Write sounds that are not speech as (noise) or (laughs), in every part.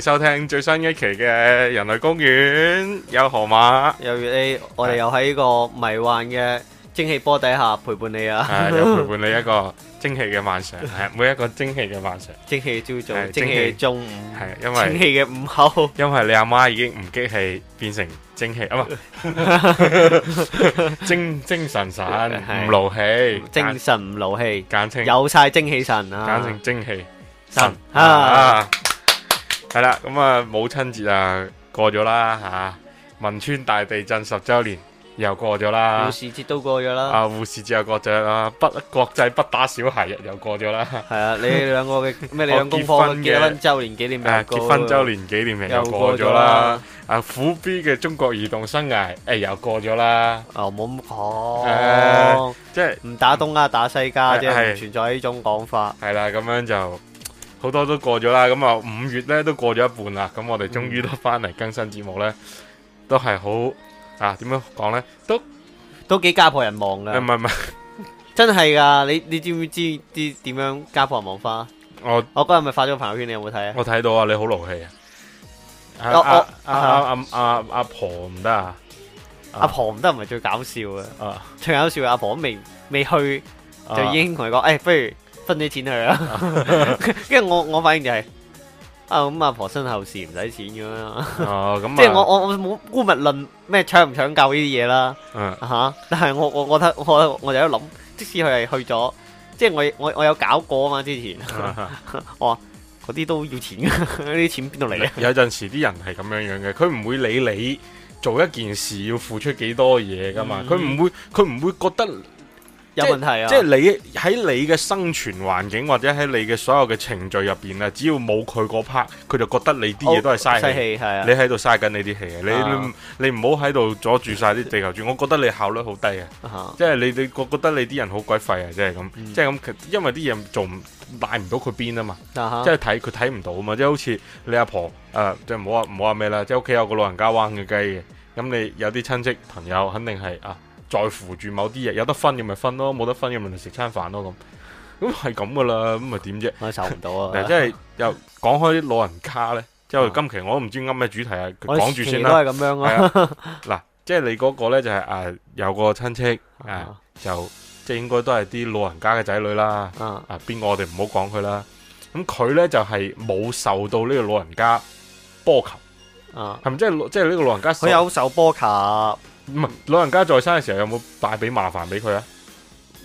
收聽最新一期嘅《人類公園》，有河馬，有你，我哋又喺呢個迷幻嘅蒸汽波底下陪伴你啊！係，陪伴你一個蒸汽嘅晚上，係每一個蒸汽嘅晚上，蒸汽朝早，蒸汽中午，係，因為蒸汽嘅午後，因為你阿媽已經唔激氣，變成蒸汽啊！唔，精精神神，唔勞氣，精神唔勞氣，簡稱有曬精氣神啊！簡稱精氣神啊！係啦，咁啊母親節啊過咗啦吓，汶川大地震十周年又過咗啦，護士節都過咗啦，啊護士節又過咗啦，不國際不打小孩日又過咗啦，係啊，你兩個嘅咩兩個公婆嘅結婚周年紀念、啊、紀念又過咗啦，啊苦逼嘅中國移動生涯誒、哎、又過咗啦，哦冇咁講，即係唔打東家打西家啫，唔、就是、存在呢種講法，係啦，咁樣就。.好多都過咗啦，咁啊五月咧都過咗一半啦，咁我哋終於都翻嚟更新節目咧、嗯啊，都係好啊？點樣講咧？都都幾家破人亡嘅，唔係唔係，真係噶！你你知唔知道知點樣家破人亡花？我我今日咪發咗個朋友圈，你有冇睇啊？我睇到啊，你好勞氣啊！阿阿阿阿阿婆唔得啊！阿、啊啊啊啊啊、婆唔得，唔、啊、係最搞笑嘅啊！最搞笑阿婆，婆未未去，就已經同佢講，誒、啊哎，不如。分啲錢去啦， (laughs) (laughs) 因為我我反應就係、是、啊咁阿婆身後事唔使錢咁、啊、樣、啊，即 (laughs) 係我我我冇姑勿論咩搶唔搶救呢啲嘢啦嚇，但係我我覺得我我就喺度諗，即使佢係去咗，即、就、係、是、我我我有搞過啊嘛之前，我話嗰啲都要錢嘅，啲 (laughs) 錢邊度嚟啊？有陣時啲人係咁樣樣嘅，佢唔會理你做一件事要付出幾多嘢噶嘛，佢、嗯、唔會佢唔會覺得。有問題啊即！即係你喺你嘅生存環境，或者喺你嘅所有嘅程序入邊啊，只要冇佢嗰 part，佢就覺得你啲嘢都係嘥氣、哦、係啊、氣。你喺度嘥緊你啲氣啊！你你唔好喺度阻住晒啲地球轉。我覺得你效率好低、啊你你你很嗯啊、好低啊！即係你你覺覺得你啲人好鬼廢啊！即係咁，即係咁，因為啲嘢做唔賴唔到佢邊啊嘛！即係睇佢睇唔到啊嘛！即係好似你阿婆誒，即係唔好話唔好話咩啦，即係屋企有個老人家玩嘅雞嘅，咁你有啲親戚朋友肯定係啊。在乎住某啲嘢，有得分嘅咪分咯，冇得分嘅咪食餐飯咯咁，咁係咁噶啦，咁咪點啫？受唔到啊！嗱，即 (laughs) 係、就是、又講開啲老人家咧，即、嗯、係今期我都唔知啱咩主題、嗯、講啊，講住先啦。啊。嗱，即係你嗰個咧就係、是、誒、啊，有個親戚誒、啊嗯，就即係應該都係啲老人家嘅仔女啦。嗯、啊，邊個我哋唔好講佢啦。咁佢咧就係、是、冇受到呢個老人家波及，啊、嗯，係咪？即係即係呢個老人家，佢有受波及。唔係老人家在生嘅時候有冇帶俾麻煩俾佢啊？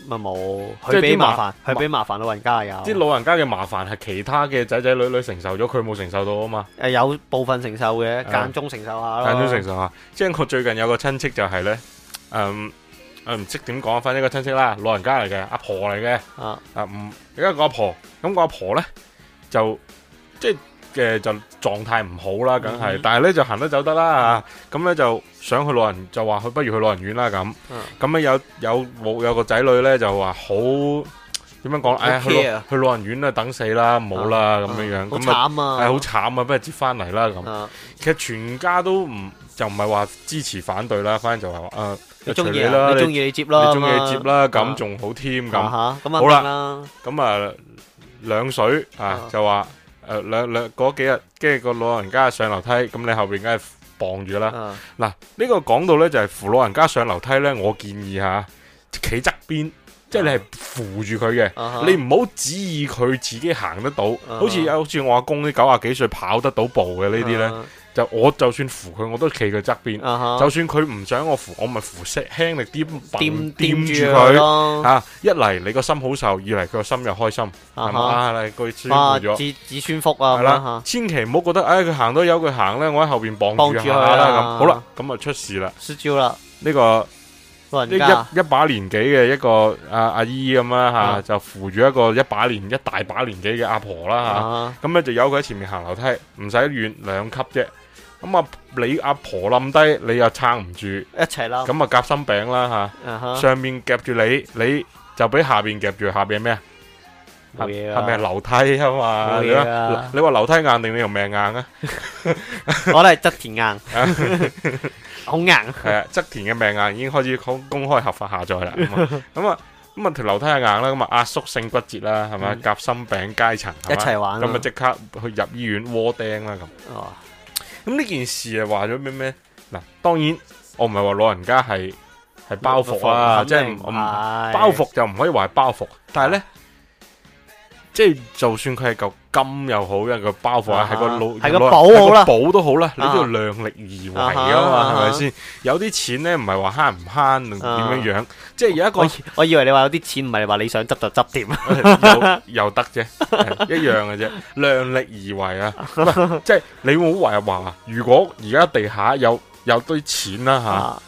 咪冇，佢俾麻煩，佢俾麻煩老人家有。啲老人家嘅麻煩係其他嘅仔仔女女承受咗，佢冇承受到啊嘛。誒，有部分承受嘅，間中承受下咯。間中承受下，即係我最近有個親戚就係、是、咧，誒、嗯、我唔識點講翻呢個親戚啦，老人家嚟嘅，阿婆嚟嘅，啊、啊唔、而家個阿婆，咁個阿婆咧就即。嘅就狀態唔好、嗯、啦，梗、嗯、係，但係咧就行得走得啦咁咧就想去老人院就話去，不如去老人院啦咁。咁咧、嗯、有有冇有個仔女咧就話好點樣講？Okay. 哎去老去老人院啊，等死啦，冇啦咁樣、啊、樣，咁、嗯、啊係好、哎、慘啊，不如接翻嚟啦咁、啊。其實全家都唔就唔係話支持反對啦，反正就係話誒，你中意、啊、啦，你中意你接啦，你中意接啦，咁、啊、仲好添咁。咁啊，啊啦好啦，咁啊兩水啊，啊就話。誒、呃，兩兩嗰幾日，跟住個老人家上樓梯，咁你後邊梗係傍住啦。嗱、啊，呢、呢個講到呢，就係扶老人家上樓梯呢。我建議吓，企側邊，即係你係扶住佢嘅，你唔好指意佢自己行得到，好似好似我阿公啲九廿幾歲跑得到步嘅呢啲呢。啊啊就我就算扶佢，我都企佢側邊。Uh-huh. 就算佢唔想我扶，我咪扶，輕力啲掂住佢。吓、啊，一嚟你個心好受，二嚟佢個心又開心，係、uh-huh. 嘛？嚟個尊貴咗，子子孫福啊！係啦、啊啊，千祈唔好覺得，哎，佢行都由佢行咧，我喺後邊傍住佢啦。咁、啊 uh-huh. 好啦，咁啊出事啦，失照啦。呢、這個一一把年紀嘅一個阿、啊、阿姨咁樣吓，啊 uh-huh. 就扶住一個一把年一大把年紀嘅阿婆啦吓，咁、啊、咧、uh-huh. 就由佢喺前面行樓梯，唔使遠兩級啫。咁啊，你阿婆冧低，你又撐唔住，一齊啦。咁啊，夾心餅啦吓，上面夾住你，你就俾下邊夾住，下邊咩啊？下下邊係咪樓梯啊嘛。你話樓梯硬定你條命硬啊？我都係側田硬，好硬。係啊，側田嘅命硬已經開始公公開合法下載啦。咁啊，咁啊條樓梯係硬啦，咁啊壓縮性骨折啦，係咪？夾心餅階層，一齊玩啦。咁啊即刻去入醫院窩釘啦咁。咁呢件事係話咗咩咩？嗱，當然我唔係話老人家係係包袱啊，即係、 (music) 就是、我唔包袱就唔可以話係包袱，但係咧，即係就算佢係舊。金又好，包括啊啊、是個包袱係個腦，係個寶好啦，寶都好啦，你都要量力而為啊嘛，係咪先？有啲錢咧，唔係話慳唔慳，點樣樣？即係有一個，我以，我以為你話有啲錢唔係話你想執就執添，又得啫， (laughs) 一樣嘅啫，量力而為啊！啊不即係你唔好話話，如果而家地下有有堆錢啦、啊、吓。啊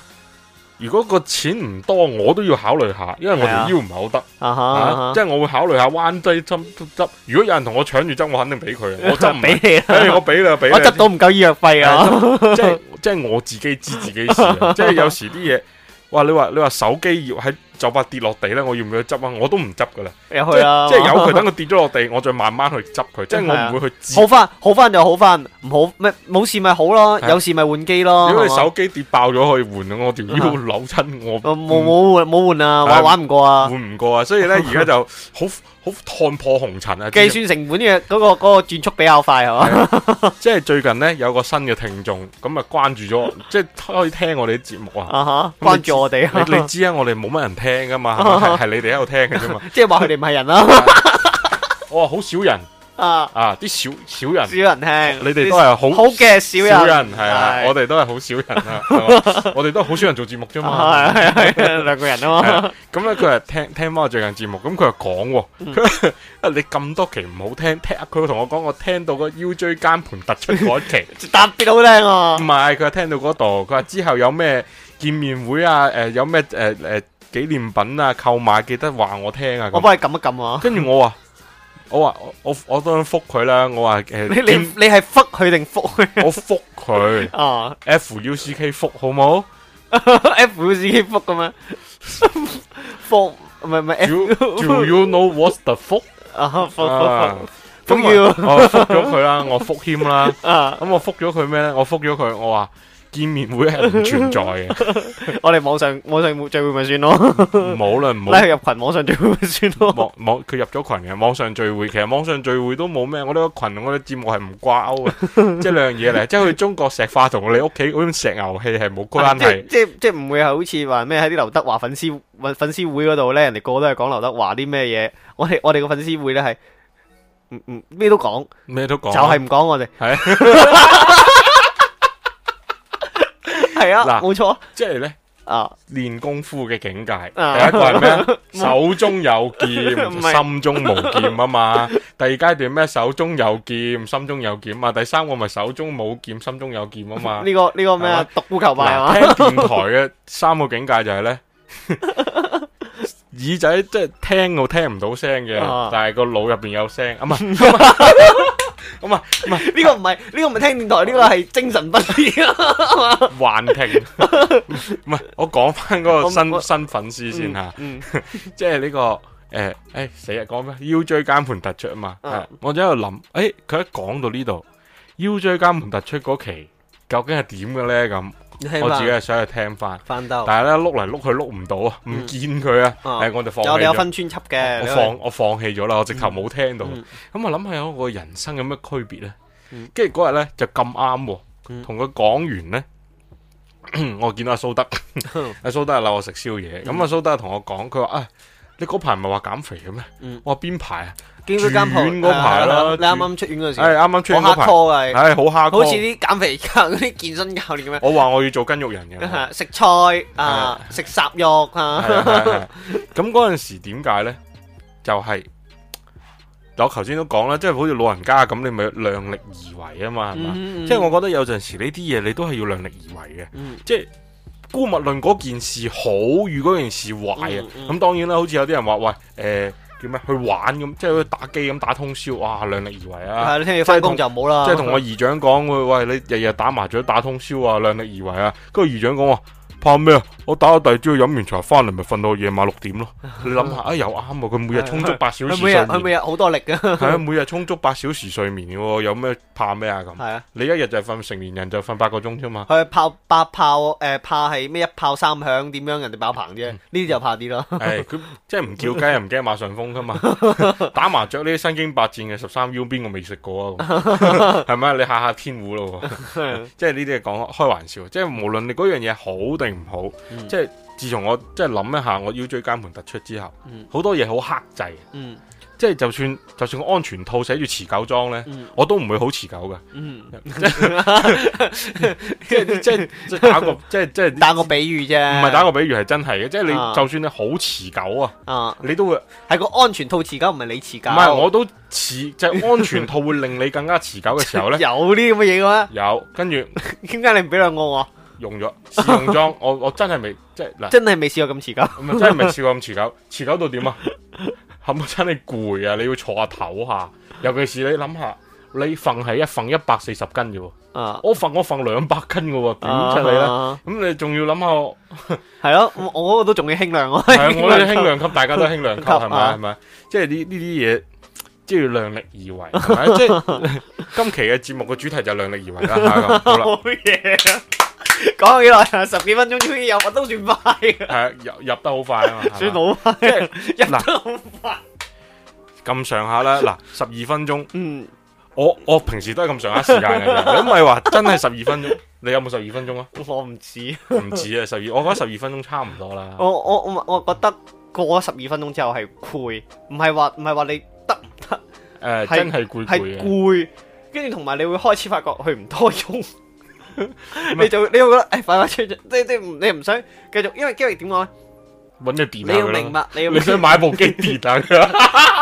如果個錢唔多，我都要考慮下，因為我條腰唔係好得，啊啊啊啊啊、即係我會考慮下彎低針執。如果有人同我搶住執，我肯定俾佢。 (laughs) 我就唔俾你。哎，我俾你俾。我執到唔夠醫藥費啊！ (laughs) 即係即係我自己知自己事， (laughs) 即係有時啲嘢，哇！你話你話手機要喺。有冇跌落地咧？我要唔要執啊？我都唔執噶啦，即係、啊、有佢等佢跌咗落地， (laughs) 我再慢慢去執佢。 (laughs) 即係我唔會去接。好翻，好翻就好翻，唔好咩冇事咪好咯，啊、有事咪換機咯。如果你手機跌爆咗可以換啊！我條腰扭親我不，冇冇換冇換啊！玩玩唔過啊，換唔過啊！所以咧而家就好好看破紅塵啊！計算成本嘅嗰個嗰個轉速比較快係嘛？即係 (laughs) 最近呢，有個新嘅聽眾咁啊，關注咗， (laughs) 即係可以聽我哋啲節目啊！關注我哋啊！你，你知啊， (laughs) 我哋冇乜人聽。聽噶嘛，係、啊、你哋喺度聽嘅啫嘛，即係話佢哋唔係人我、啊 (laughs) 啊、哇，好少人啊啊！啲少少人，少人聽，你哋都係好好嘅少人，係啊，我哋都係好少人啦、啊啊。我哋都係好少人做節目啫嘛，係係係兩個人啊嘛。咁咧佢係聽聽翻我最近節目，咁佢又講喎，嗯、 (laughs) 你咁多期唔好聽，聽佢同我講，我聽到個腰椎間盤突出一期，特、嗯、別 (laughs) 好聽啊。唔係，佢聽到嗰度，佢話之後有咩見面會啊？誒、呃，有咩誒誒？呃呃紀念品啊，購買記得話我聽啊。我幫你撳一撳啊。跟住我話，我話我我我都想覆佢啦。我話誒，你你你係覆佢定復佢？我覆佢啊，F U C K 覆好冇？F U C K 覆咁樣？覆唔係唔係？Do you know what the fuck？啊，覆复覆，重要。我覆咗佢啦，我覆謙啦。啊，咁我覆咗佢咩咧？我覆咗佢，我話。見面會係唔存在嘅，我哋網上網上聚會咪算咯，冇啦，唔好。你係入群網上聚會咪算咯，網網佢入咗群嘅，網上聚會其實網上聚會都冇咩，我呢個群我哋節目係唔掛鈎嘅，即係兩樣嘢嚟，即係去中國石化同我哋屋企嗰種石油氣係冇關係。即即即唔會係好似話咩喺啲劉德華粉絲粉粉絲會嗰度咧，人哋個個都係講劉德華啲咩嘢，我哋我哋個粉絲會咧係，嗯嗯咩都講，咩都講，就係唔講我哋係。係啊，嗱，冇錯啊，即係咧啊，練功夫嘅境界，第一個係咩？手中有劍，心中無劍啊嘛。第二階段咩？手中有劍，心中有劍啊嘛。第三個咪手中冇劍，心中有劍啊嘛。呢個呢個咩？獨孤求敗啊！聽電台嘅三個境界就係咧，耳仔即係聽我聽唔到聲嘅，但係個腦入邊有聲啊嘛。.唔係唔係，呢、啊，這個唔係呢個唔係聽電台，呢、啊，這個係精神分裂。幻、啊、聽，唔 (laughs) 係環庭 (laughs) 我講翻嗰個新新粉絲先吓，即係呢個誒、欸、誒，成日講咩腰椎間盤突出啊嘛，啊我喺度諗，誒、欸、佢一講到呢度腰椎間盤突出嗰期究竟係點嘅咧咁。我自己係想去聽翻，但係咧碌嚟，碌去碌唔到，唔、嗯、見佢啊，誒、嗯哎，我哋放棄咗。有有分專輯嘅，放我，我放棄咗啦，我直頭冇聽到。咁我諗下有我個人生有咩區別咧？跟住嗰日咧就咁啱，同佢講完咧，我見到蘇德，阿、嗯、蘇 (laughs) 德鬧我食宵夜，咁阿蘇德同我講，佢話：，哎嗯、啊，你嗰排唔係話減肥嘅咩？我話邊排啊？見到住院嗰排啦，你啱啱出院嗰時，係啱啱出院係、哎、好下拖，好似啲減肥教啲健身教練咁樣。我話我要做筋肉人嘅，食菜啊，食雜肉啊。咁嗰陣時點解咧？就係、是、我頭先都講啦，即、就、係、是、好似老人家咁，你咪量力而為啊嘛，係、嗯、嘛？即係我覺得有陣時呢啲嘢，你都係要量力而為嘅。嗯、即係姑勿論嗰件事好，如果件事壞啊，咁、嗯、當然啦。好似有啲人話喂，誒、呃。叫咩？去玩咁，即係好似打機咁，打通宵，哇！量力而為啊！係你聽日翻工就唔好啦。即係同我姨丈講，喂喂你日日打麻雀，打通宵啊，量力而為啊。跟住姨丈講話怕咩啊？我打到第二朝飲完茶翻嚟，咪瞓到夜晚六點咯。你諗下，啊、哎、又啱喎。佢每日充足八小時睡眠，佢每日好多力嘅。係 (laughs) 啊，每日充足八小時睡眠嘅喎，有咩怕咩啊咁？係啊，你一日就係瞓成年人就瞓八個鐘啫嘛。佢怕八炮誒，怕係咩一炮三響？點樣人哋爆棚啫？呢、嗯、啲就怕啲咯。係 (laughs) 佢、哎、即係唔叫雞，唔、嗯、驚馬上風噶嘛。 (laughs) 打麻雀呢啲身經百戰嘅十三幺邊個未食過啊？係 (laughs) 咪 (laughs) 你下下天虎咯。 (laughs) 即係呢啲係講開玩笑，即係無論你嗰樣嘢好定唔好。嗯、即係自從我即係諗一下，我腰椎間盤突出之後，好、嗯、多嘢好克制。嗯、即係就算就算安全套寫住持久裝咧，嗯、我都唔會好持久㗎、嗯嗯 (laughs) 即 (laughs) 即 (laughs) 即。 (laughs) 即係即係打個即係即係打個比喻啫，唔係打個比喻係真係嘅。即係你就算你好持久啊，啊你都會係個安全套持久，唔係你持久。唔係我都持，即、就、係、是、安全套會令你更加持久嘅時候咧， (laughs) 有啲咁嘅嘢嘅咩？有，跟住點解你唔俾兩個我？用咗試用裝， (laughs) 我我真係未即係嗱，真係未試過咁持久， (laughs) 真係未試過咁持久，持久到點啊？係 (laughs) 咪 (laughs) 真係攰啊？你要坐下唞下，尤其是你諗下，你瞓係一份一百四十斤啫、uh,，我份、uh, uh, 我份兩百斤嘅，點出嚟咧？咁你仲要諗下，係咯，我我都仲要輕量，係我都輕量級，大家都輕量級係咪？係、uh, 嘛？Uh, 即係呢呢啲嘢，即係、要、量力而為， (laughs) 即係今期嘅節目嘅主題就量力而為啦。 (laughs) 好嘢 (laughs) 講咗幾耐？十幾分鐘終於入，我都算快。係啊，入入得好快啊嘛，算好快。入得好快。咁上下啦，嗱，十二分鐘、即係。嗯。我我平時都係咁上下時間嘅，如果唔係話真係十二分鐘。 (laughs) 你有冇十二分鐘啊？我唔止。唔止啊，十二？我覺得十二分鐘差唔多啦。我我我我覺得過咗十二分鐘之後係攰，唔係話唔係話你得唔得？誒、呃，真係攰攰嘅。攰，跟住同埋你會開始發覺佢唔多用。你就你會覺得誒快快出即即唔你又唔想繼續，因為因為點講咧？搵只電，你要明白，你要你想買部機電啊？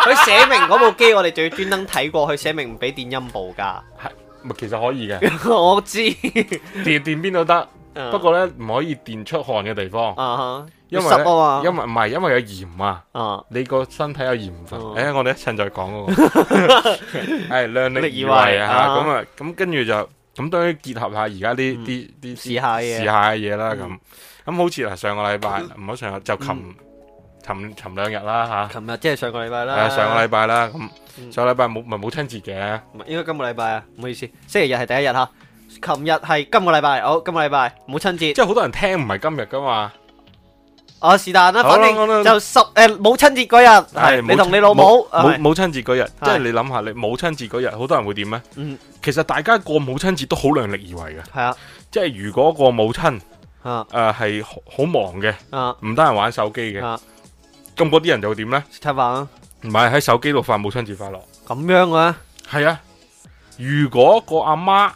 佢寫明嗰部機我哋仲要專登睇過佢，寫明唔俾電音部噶。係咪其實可以嘅？我知電電邊度得？不過咧唔可以電出汗嘅地方啊，因為因為唔係因為有鹽啊。啊，你個身體有鹽分。誒，我哋一陣再講咯。誒，量力而為啊。咁啊，咁跟住就。咁都結合下而家啲啲啲試下嘢，嗯嗯嗯，啦，咁咁好似嗱上個禮拜唔好上日就琴琴琴兩日啦吓，琴日即係上個禮拜啦，上個禮拜啦咁，嗯，上個禮拜冇咪母親節嘅，應該今個禮拜啊，唔好意思，星期日係第一日吓，琴日係今個禮拜，好今個禮拜母親節，即係好多人聽唔係今日㗎嘛。哦，是但啦，反正我就十誒、哎、母親節嗰日，你同你老母。母母親節嗰日，即係你諗下，你母親節嗰日，好多人會點咧？嗯，其實大家過母親節都好量力而為嘅。係啊，即係如果個母親啊誒係好忙嘅，唔得閒玩手機嘅，咁多啲人就會點咧？食餐飯咯。唔係喺手機度發母親節快樂。咁樣嘅、啊。係啊，如果個阿媽。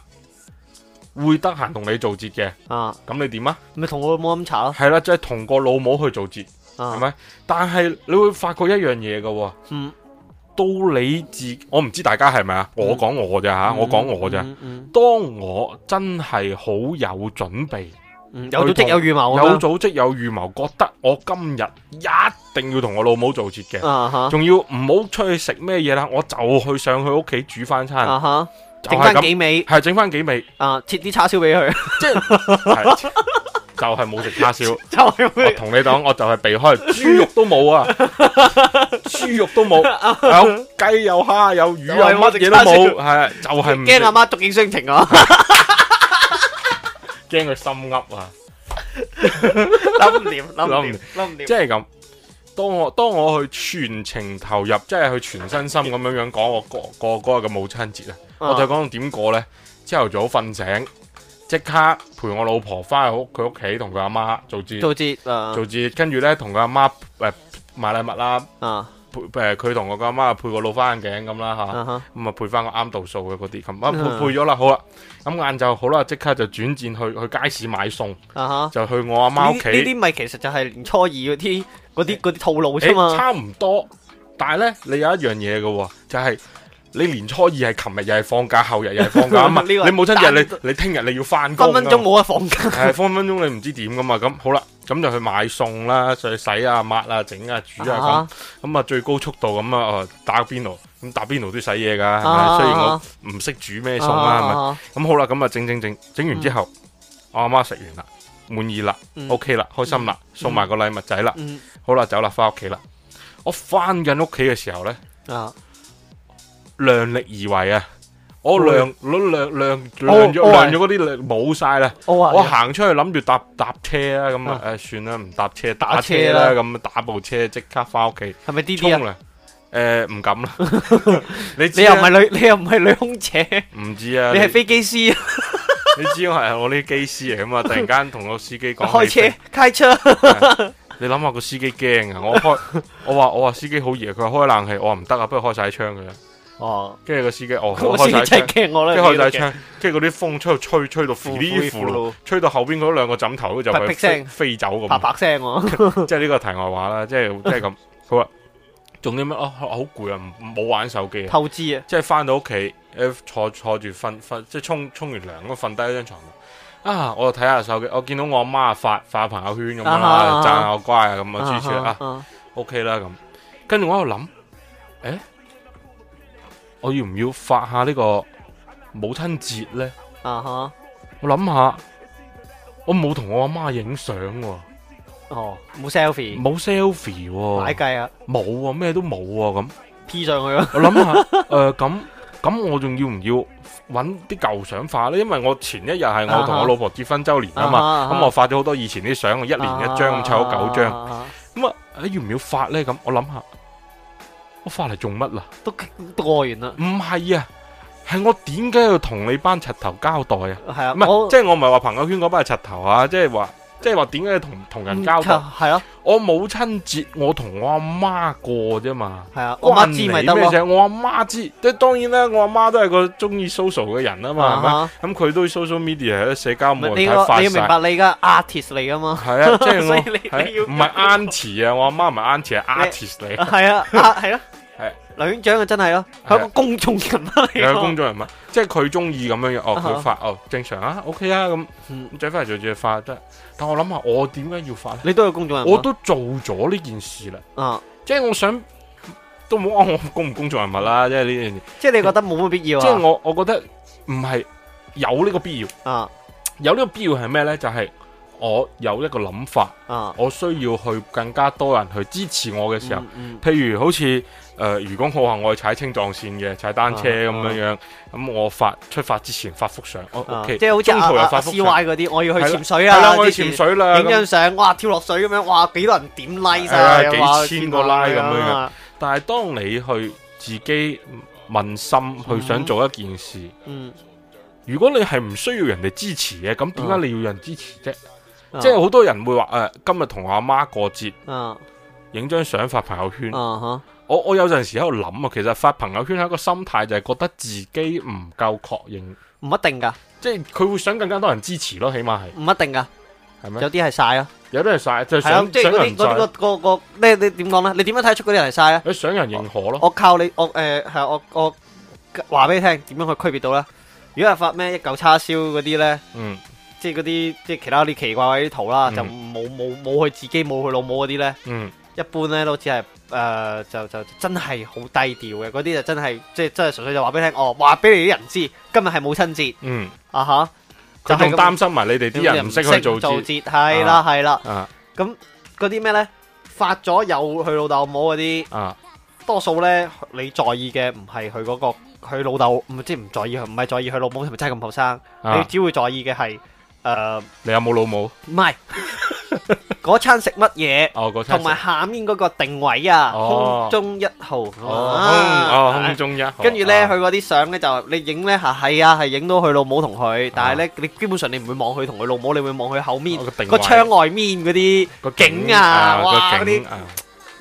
會得閒同你做節嘅，啊，咁你點啊？咪同我老母咁查咯。係啦、啊，即係同個老母去做節，係、啊、咪？但係你會發覺一樣嘢嘅，嗯，到你自我唔知大家係咪啊？我講我咋，吓、嗯，我講我咋、嗯嗯。當我真係好有準備、嗯，有組織有預謀，有組織有預謀，覺得我今日一定要同我老母做節嘅，仲、啊、要唔好出去食咩嘢啦，我就去上去屋企煮翻餐。啊整、就、翻、是、幾味，係整翻幾味啊、呃！切啲叉燒俾佢，即係就係冇食叉燒、就是。我同你講，我就係避開豬肉都冇啊，豬 (laughs) 肉都冇。 (laughs) 有雞有蝦有魚啊，乜嘢都冇。係就係驚阿媽讀幾雙情啊，驚 (laughs) 佢 (laughs) 心噏啊，諗唔掂諗唔掂諗唔掂。即係咁，當我當我去全程投入，即係去全身心咁樣樣講我過過嗰日嘅母親節啊！啊、我就講點過咧，朝頭早瞓醒，即刻陪我老婆翻去屋佢屋企同佢阿媽做節做節，做節、啊，跟住咧同佢阿媽誒買禮物啦，配誒佢同我個阿媽配個老花眼鏡咁啦吓，咁啊配翻、啊、個啱度數嘅嗰啲咁，咁啊配配咗啦，好啦，咁晏晝好啦，即刻就轉戰去去街市買餸、啊，就去我阿媽屋企。呢啲咪其實就係年初二嗰啲嗰啲啲套路啫嘛、欸欸、差唔多，欸、但係咧你有一樣嘢嘅就係、是。你年初二係琴日又係放假，後日又係放假啊嘛！ (laughs) 你母親日你你聽日你要翻工、啊，分分鐘冇得放假。係 (laughs) 分分鐘你唔知點噶嘛？咁好啦，咁就去買餸啦，上去洗啊、抹啊、整啊、煮啊咁。咁、uh-huh. 啊最高速度咁啊哦打邊爐，咁打邊爐都要洗嘢噶，係咪？雖然我唔識煮咩餸啦，係、uh-huh. 咪？咁、uh-huh. 好啦，咁啊整整整整完之後，uh-huh. 我阿媽食完啦，滿意啦、uh-huh.，OK 啦，開心啦，uh-huh. 送埋個禮物仔啦，uh-huh. 好啦，走啦，翻屋企啦。我翻緊屋企嘅時候咧量力而為啊！我量量量咗嗰啲冇晒啦！我行出去諗住搭搭車啊咁啊！誒，uh, 算啦，唔搭車打車，打車啦！咁打部車即刻翻屋企。係咪啲啲啊？誒，唔、呃、敢啦、 (laughs) 啊！你又唔係女，你又唔係女空姐？唔知啊！你係飛機師、啊、 (laughs) 你知我係我呢啲機師嚟啊嘛！突然間同個司機講開車開車，開車 (laughs) 你諗下個司機驚啊！我開 (laughs) 我話我話司機好熱，佢話開冷氣，我話唔得啊，不如開晒啲窗嘅。哦，跟住，個司機哦，開晒窗，即係開大窗，跟住嗰啲風吹去吹，吹到飛呢褲吹到後邊嗰兩個枕頭就係飛，飛走咁，啪啪聲，即係呢個題外話啦，即係即係咁好啊。仲有咩？哦，好攰啊，唔唔冇玩手機啊，透支啊，即係翻到屋企，誒坐坐住瞓瞓，即係沖沖完涼咁瞓低喺張床度啊，我睇下手機，我見到我阿媽發發朋友圈咁啦，讚、啊啊，、我乖啊，咁啊，支持啊，OK 啦咁，跟住我喺度諗，誒。我要唔要發下呢個母親節咧？啊哈！我諗下，我冇同我阿媽影相喎。哦，冇 selfie，冇 selfie，擺計啊！冇、uh-huh. 喎、啊，咩、啊啊、都冇喎、啊，咁 P 上去咯。我諗下，誒、 (laughs) 呃，咁咁我仲要唔要搵啲舊相發咧？因為我前一日係我同我老婆結婚周年啊嘛，咁、uh-huh. 我發咗好多以前啲相，我一年一張湊咗九張。咁、uh-huh. 啊，要唔要發咧？咁我諗下。我返嚟做乜啦？都都過完啦。唔係啊，係我點解要同你班柒頭交代啊？係啊，唔係即係我唔係話朋友圈嗰班係柒頭啊，即係話。即係話點解同同人交係咯、嗯啊？我母親節我同我阿媽過啫嘛。係啊，我媽知咪得咯？我阿媽知，即係當然啦。我阿媽都係個中意 social 嘅人啊嘛。咁、啊、佢、嗯、都 social media 喺社交網絡發晒。你要明白你而家 artist 嚟啊嘛。係啊，即、就、係、是、我唔係 Auntie 啊！我阿媽唔係 Auntie，係 artist 嚟。係啊，係咯、啊。 (laughs) 劉院長啊，真係咯，係個公眾人，人物嚟嘅。係公眾人物，即係佢中意咁樣樣哦，佢發、uh-huh. 哦，正常啊，OK 啊，咁再翻嚟再再發得。但我諗下，我點解要發咧？你都係公眾人物，我都做咗呢件事啦。啊、uh-huh.，即係我想都冇啊，我公唔公眾人物啦，即係呢樣嘢。即係你覺得冇乜必要啊？即係我我覺得唔係有呢個必要啊，uh-huh. 有呢個必要係咩咧？就係、是。我有一個諗法、啊，我需要去更加多人去支持我嘅時候、嗯嗯，譬如好似誒，如、呃、果我行我去踩青藏線嘅踩單車咁、啊、樣樣，咁、啊、我發出發之前發幅相，O K，即係好似中途又發 C Y 嗰啲，我要去潛水啊，啊，啊，我要潛水啦，影張相，哇跳落水咁樣，哇幾多，多人點 like、啊啊、幾千個 like 咁、啊、樣。係啊、但係當你去自己問心、嗯、去想做一件事，嗯，如果你係唔需要人哋支持嘅，咁點解你要人支持啫？嗯即係好多人會話誒，今日同阿媽過節，影張相發朋友圈。Uh-huh. 我我有陣時喺度諗啊，其實發朋友圈係一個心態就係覺得自己唔夠確認，唔一定噶。即係佢會想更加多人支持咯，起碼係唔一定噶，係咩？有啲係晒啊，有啲係晒，就係、想即係嗰啲個、嗰個咩、嗰個？你點講咧？你點樣睇出嗰啲人係晒咧？你想人認可咯？我靠你，我誒係、呃、我我話俾你聽，點樣去區別到咧？如果係發咩一嚿叉燒嗰啲咧，嗯。.即係嗰啲即係其他啲奇怪嗰啲圖啦、嗯，就冇冇冇佢自己冇佢老母嗰啲咧。嗯，一般咧都只係誒、呃，就就，就，就，真低調就真係好低調嘅。嗰啲就真係即係真係純粹就話俾你聽，哦，話俾你啲人知，今日係母親節。嗯，啊、uh-huh, 吓，仲擔心埋你哋啲人唔識去做節，係啦係啦。咁嗰啲咩咧？發咗有佢老豆老母嗰啲，啊，多數咧你在意嘅唔係佢嗰個佢老豆，唔即係唔在意佢，唔係在意佢老母，係咪真係咁後生、啊？你只會在意嘅係。誒、uh,，你有冇老母？唔係，嗰 (laughs) 餐食乜嘢？同、oh, 埋下面嗰個定位啊，oh. 空中一號，哦、oh. oh. 啊 oh. 空中一號。跟住呢，佢嗰啲相呢，就你影呢，吓，係啊，係影到佢老母同佢，oh. 但係呢，你基本上你唔會望佢同佢老母，你會望佢後面、oh, 個窗外面嗰啲景，景啊，哇啲。Uh,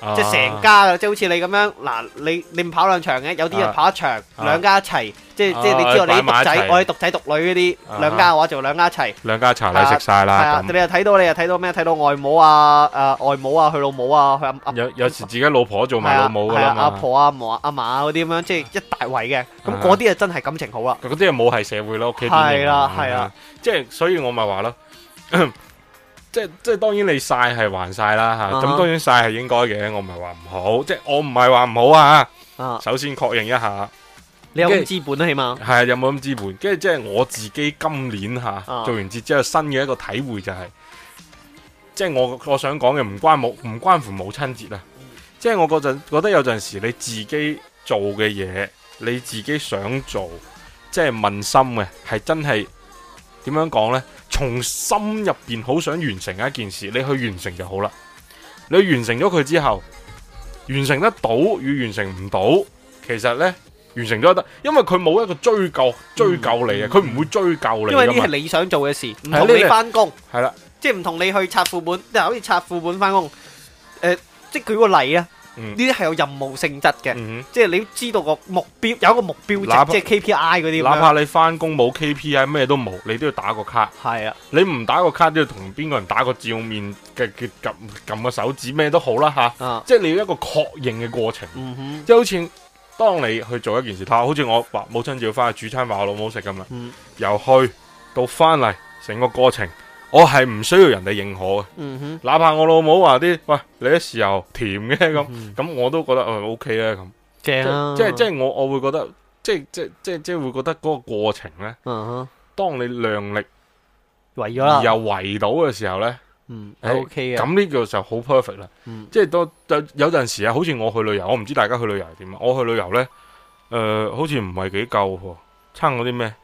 啊、即係成家即係好似你咁樣，嗱，你你唔跑兩場嘅，有啲人跑一場，兩、啊、家一齊，即係即係你知道你獨仔，我係獨仔獨女嗰啲，兩家嘅話就兩家一齊，兩家茶禮食晒啦。咁、啊啊、你又睇到你又睇到咩？睇到外母啊，誒、啊、外母啊，佢老母啊，佢、啊、有有時自己老婆做埋老母噶啦、啊啊、阿婆啊、阿啊阿嫲嗰啲咁樣，即係一大圍嘅。咁嗰啲啊嗰嗰就真係感情好啊！嗰啲啊冇係、啊、社會咯，屋企係啦係啊，即係所以我咪話咯。 (laughs) 即係即係，當然你晒係還晒啦吓，咁、uh-huh. 當然晒係應該嘅，我唔係話唔好，uh-huh. 即係我唔係話唔好啊。Uh-huh. 首先確認一下，你有冇咁資本、啊、起碼係有冇咁資本？跟住即係我自己今年吓、啊 uh-huh. 做完節之後，新嘅一個體會就係、是，即係我我想講嘅，唔關母唔關乎母親節啦。即係我嗰陣覺得有陣時你自己做嘅嘢，你自己想做，即係問心嘅，係真係點樣講呢？從心入邊好想完成一件事，你去完成就好啦。你完成咗佢之後，完成得到與完成唔到，其實呢，完成咗得，因為佢冇一個追究追究你呀，佢、嗯、唔會追究你。因為呢係你想做嘅事，唔同你翻工。係啦，即係唔同你去拆副本，即好似拆副本翻工。即、呃、係、就是、舉個例啊。呢啲係有任務性質嘅，嗯，即係你要知道個目標，有一個目標值，即係 KPI 嗰啲。哪怕你翻工冇 KPI，咩都冇，你都要打個卡。係啊，你唔打個卡都要同邊個人打個照面，嘅嘅撳撳個手指咩都好啦嚇、啊啊。即係你要一個確認嘅過程。即、嗯、係好似當你去做一件事，睇好似我話母親要翻去煮餐飯，我老母食咁啦。由去到翻嚟，成個過程。我係唔需要人哋認可嘅，嗯，哪怕我老母話啲，喂，你啲豉油甜嘅咁，咁、嗯、我都覺得 O K 啦，咁，正、啊、即係即係我我會覺得，即係即係即係即係會覺得嗰個過程咧、嗯，當你量力圍咗，圍而又圍到嘅時候咧、嗯，O K 嘅，咁呢個就好 perfect 啦，即係都有有陣時啊，好似我去旅遊，我唔知大家去旅遊係點，我去旅遊咧、誒、呃，好似唔係幾夠，差我啲咩？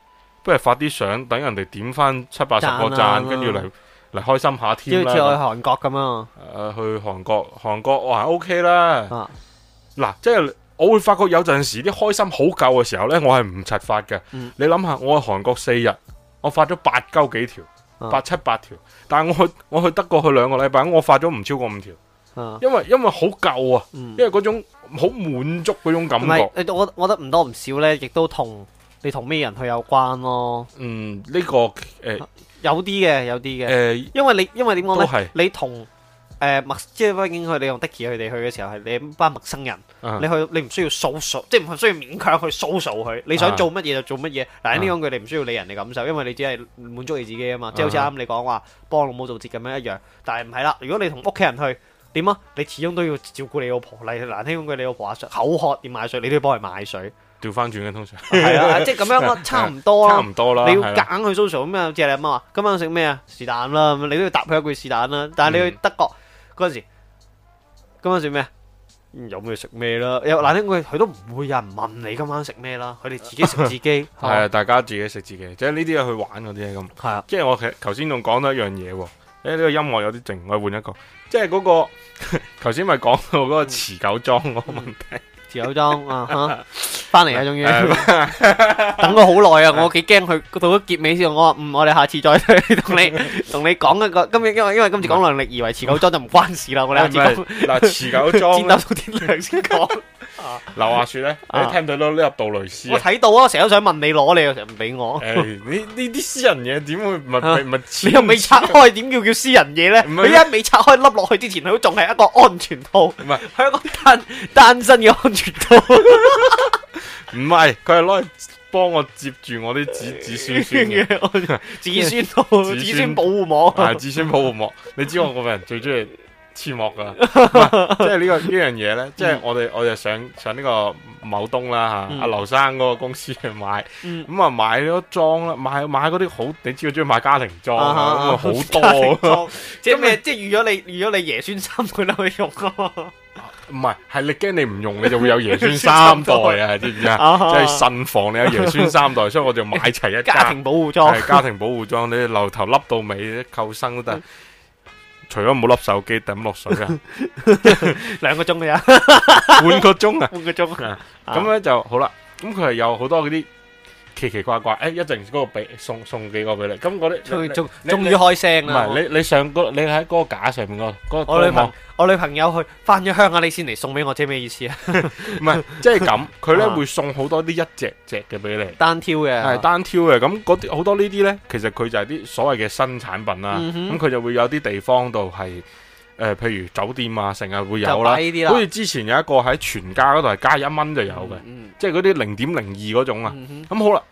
不如發啲相等人哋點翻七八十個讚，跟住嚟嚟開心下添、呃 OK、啦。好似去韓國咁樣誒，去韓國，韓國我哇，O K 啦。嗱，即係我會發覺有陣時啲開心好夠嘅時候呢，我係唔刷發嘅、嗯。你諗下，我去韓國四日，我發咗八九幾條、啊，八七八條。但係我去我去德國去兩個禮拜，我發咗唔超過五條。因為因為好夠啊，因為嗰、啊嗯、種好滿足嗰種感覺。我我覺得唔多唔少呢亦都痛。你同咩人去有關咯？嗯，呢、這個誒有啲嘅，有啲嘅。誒、呃，因為你因為點講咧？你同誒陌即係畢竟去你同 Dicky 佢哋去嘅時候係你班陌生人，啊、你去你唔需要 social 即係唔需要勉強去 social 佢。你想做乜嘢就做乜嘢。嗱，呢樣佢哋唔需要理人哋感受、啊，因為你只係滿足你自己啊嘛。啊，即係好似啱你講話幫老母做節咁樣一樣，但係唔係啦。如果你同屋企人去，點啊？你始終都要照顧你老婆。嚟難聽講句，你老婆阿口渴點買水，你都要幫佢買水。調翻轉嘅通常係 (laughs) (laughs) 啊，即係咁樣差唔多啊，差唔多啦。你要夾佢去 social 咩？即係、啊、你阿媽話今晚食咩啊？是但啦，你都要答佢一句是但啦。但係你要去德國嗰陣、嗯、時，今晚食咩？有咩食咩啦？有嗱，聽佢佢都唔會有人問你今晚食咩啦。佢哋自己食自己，係 (laughs) 啊，啊，大家自己食自己，即係呢啲啊去玩嗰啲啊咁。係啊，即係我其實頭先仲講到一樣嘢喎。誒、欸、呢、這個音樂有啲靜，我換一個，即係嗰、那個頭先咪講到嗰個持久裝嗰個問題。嗯嗯持久裝啊吓，翻嚟啊終於， (laughs) 等咗好耐啊，我幾驚佢到咗結尾先，我話唔、嗯，我哋下次再同你同 (laughs) 你講一個，今因為因為今次講量力而為持久裝就唔關事啦，我哋下次講嗱持久裝 (laughs) 戰鬥到天亮先講。劉阿雪咧、啊，你聽到攞呢粒杜蕾斯？我睇到啊，成日都想問你攞、欸欸啊，你又成日唔俾我。誒，呢啲私人嘢點會唔係你又未拆開，點叫叫私人嘢咧？佢一未拆開，凹落去之前，佢仲係一個安全套，唔係，係一個單 (laughs) 單身嘅安全套。唔係，佢係攞嚟幫我接住我啲子 (laughs) 子孫孫嘅子孫套、子孫保護網。係、啊、子孫保護網。你知我個人最中意。黐膜噶，即 (laughs) 係、就是這個這個、呢個呢樣嘢咧，即、就、係、是、我哋我哋上上呢個某東啦吓，阿、嗯、劉、啊、生嗰個公司去買，咁、嗯、啊買咗裝啦，買買嗰啲好，你知道鍾意買家庭裝，咁啊，啊好多，咁嘅、嗯、即係預咗你預咗你爺孫三代都可以用，唔係係你驚你唔用，你就會有爺孫三代啊知唔知啊？即係慎防你有爺孫三代，三代啊、是是三代 (laughs) 所以我就買齊一家，家庭保護裝，係 (laughs) 家庭保護裝， (laughs) 你由頭笠到尾，啲救生都得。 (laughs) 除咗唔好笠手機抌落水啊， (laughs) 兩個鐘啊，半個鐘小啊， (laughs) 半個鐘小啊 (laughs) 嗯嗯，咁咧就好啦。咁佢係有好多嗰啲。奇奇怪怪，誒一陣嗰個俾送送幾個俾你，咁我哋，佢仲終於開聲啦。唔係你你上個你喺嗰個架上面、嗰個，我嗰個、嗰個、我女朋友，我女朋友去翻咗鄉下，你先嚟送俾我，即係咩意思、 (laughs) 就係、啊？唔係即係咁，佢咧會送好多啲一隻隻嘅俾你單挑嘅，係單挑嘅。咁啲好多呢啲咧，其實佢就係啲所謂嘅新產品啦。咁、嗯、佢就會有啲地方度係誒，譬如酒店啊，成日會有啦。好似之前有一個喺全家嗰度係加一蚊就有嘅。嗯即係嗰啲零點零二嗰種啊，咁、嗯嗯、好啦，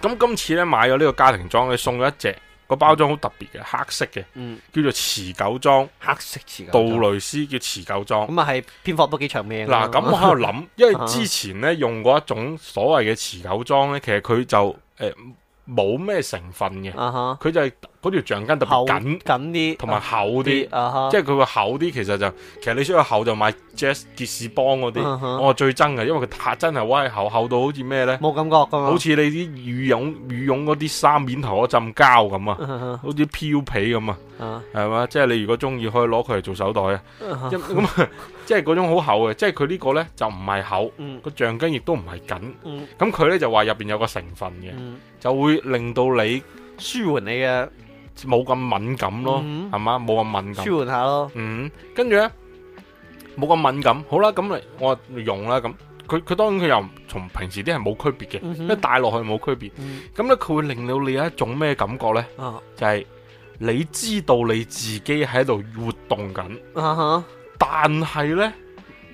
咁今次呢買咗呢個家庭裝，佢送咗一隻個包裝好特別嘅，黑色嘅、嗯，叫做持久裝，黑色持久裝，杜蕾斯叫持久裝，咁啊係偏貨都幾長命，啊。嗱、啊，咁我喺度諗， (laughs) 因為之前呢，用過一種所謂嘅持久裝呢，其實佢就、呃冇咩成分嘅，佢、uh-huh. 就係、是、嗰條橡筋特別緊緊啲，同埋厚啲，uh-huh. 即係佢會厚啲。其實就，其實你需要厚就買 Jazz 杰士邦嗰啲，uh-huh. 我係最憎嘅，因為佢真係歪厚，厚，厚到好似咩呢？冇感覺噶，好似你啲羽絨羽絨嗰啲衫面頭嗰浸膠咁啊，好似飄皮咁啊，係、uh-huh. 嘛？即係你如果中意可以攞佢嚟做手袋啊。Uh-huh. (laughs) 即係嗰種好厚嘅，即係佢呢個呢，就唔係厚，個、嗯、橡筋亦都唔係緊，咁、嗯、佢呢，就話入邊有個成分嘅、嗯，就會令到你舒緩你嘅冇咁敏感咯，係嘛，冇咁敏感，舒緩下咯，嗯，跟住呢，冇咁敏感，好啦，咁我用啦，咁佢佢當然佢又同平時啲係冇區別嘅，一戴落去冇區別，咁、嗯、呢，佢會令到你有一種咩感覺呢？啊、就係、是、你知道你自己喺度活動緊。啊但係咧，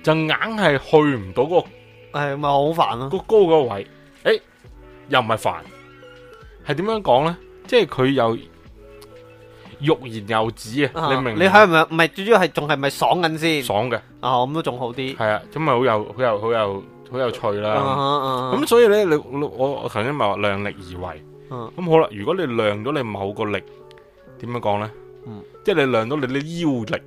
就硬係去唔到嗰個，誒、啊，係咪好煩咯。個高個位，誒、欸，又唔係煩，係點樣講咧？即係佢又欲言又止、uh-huh, 是是哦、啊！你明？你係咪唔係最主要係仲係咪爽緊先？爽嘅，啊，咁都仲好啲。係啊，咁咪好有好有好有好有趣啦。咁、uh-huh, uh-huh. 所以咧，你我我頭先咪話量力而為，咁、uh-huh. 好啦。如果你量咗你某個力，點樣講咧、嗯？即係你量到你啲腰力。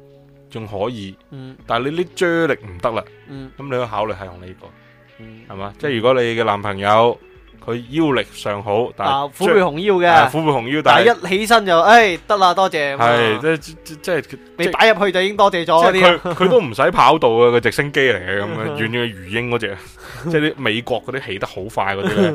仲可以，嗯、但係你啲嚼力唔得啦，咁、嗯、你都考慮係用呢、呢個，係、嗯、嘛？即係如果你嘅男朋友佢腰力尚好但，啊，虎背熊腰嘅，虎、啊、背熊腰，但係一起身就，誒、哎，得啦，多謝，係、啊、即係你打入去就已經多謝咗嗰啲，佢 (laughs) 都唔使跑道遠遠 (laughs) (laughs) 那那啊，個直升機嚟嘅咁樣，遠嘅魚鷹嗰隻，即係啲美國嗰啲起得好快嗰啲咧，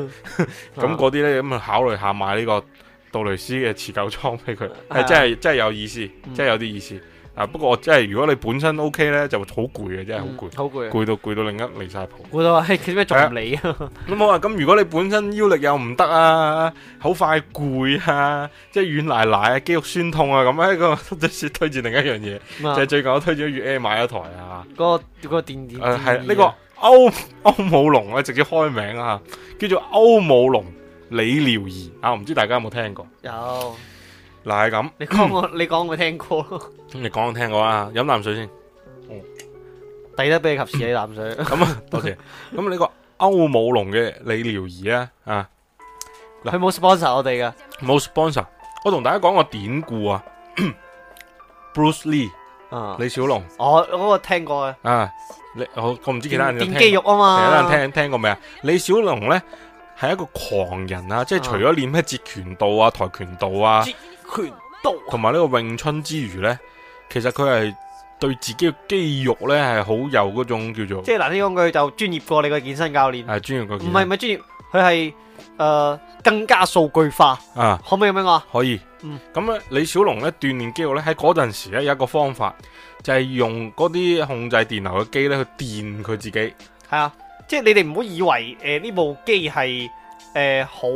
咁嗰啲咧咁去考慮下買呢個杜蕾斯嘅持久裝俾佢，係真係真係有意思，嗯、真係有啲意思。啊！不過即係如果你本身 O K 咧，就好攰嘅，真係好攰，攰、嗯、到攰到另一離晒譜，攰到係點解仲唔理啊？咁好啊！咁如果你本身腰力又唔得啊，好快攰啊，即係軟奶奶啊，肌肉酸痛啊，咁、那、咧個即推薦另一樣嘢、啊，就係、最近我推咗越 a i 買一台啊，嗰、那個嗰、那個電、啊、電係呢、啊這個歐歐姆龍啊，直接開名啊，叫做歐姆龍理療儀啊，唔知大家有冇聽過？有。嗱，係咁，你講我，你講我聽過咯。你講我聽過啊！飲啖水先。哦。抵得俾你及時啲啖水。咁啊，多謝。咁呢個歐姆龍嘅理療儀咧，啊，嗱，佢冇 sponsor 我哋噶。冇 sponsor。我同大家講個典故啊。Bruce Lee，啊，李小龍。我嗰個聽過嘅。啊，你我我唔知其他人有冇。練肌肉啊嘛。其他人聽聽過未啊？李小龍咧係一個狂人啊，即係除咗練咩截拳道啊、跆拳道啊。拳毒同埋呢個詠春之餘呢，其實佢係對自己嘅肌肉呢係好有嗰種叫做即係嗱，聽講句就專業過你個健身教練係專業過，唔係唔係專業，佢係誒更加數據化啊！可唔可以咁樣啊？可以。咁啊，嗯，李小龍呢，鍛煉肌肉呢喺嗰陣時呢，有一個方法，就係用嗰啲控制電流嘅機呢去電佢自己。係啊，即係你哋唔好以為誒呢部機係。誒、呃，好誒誒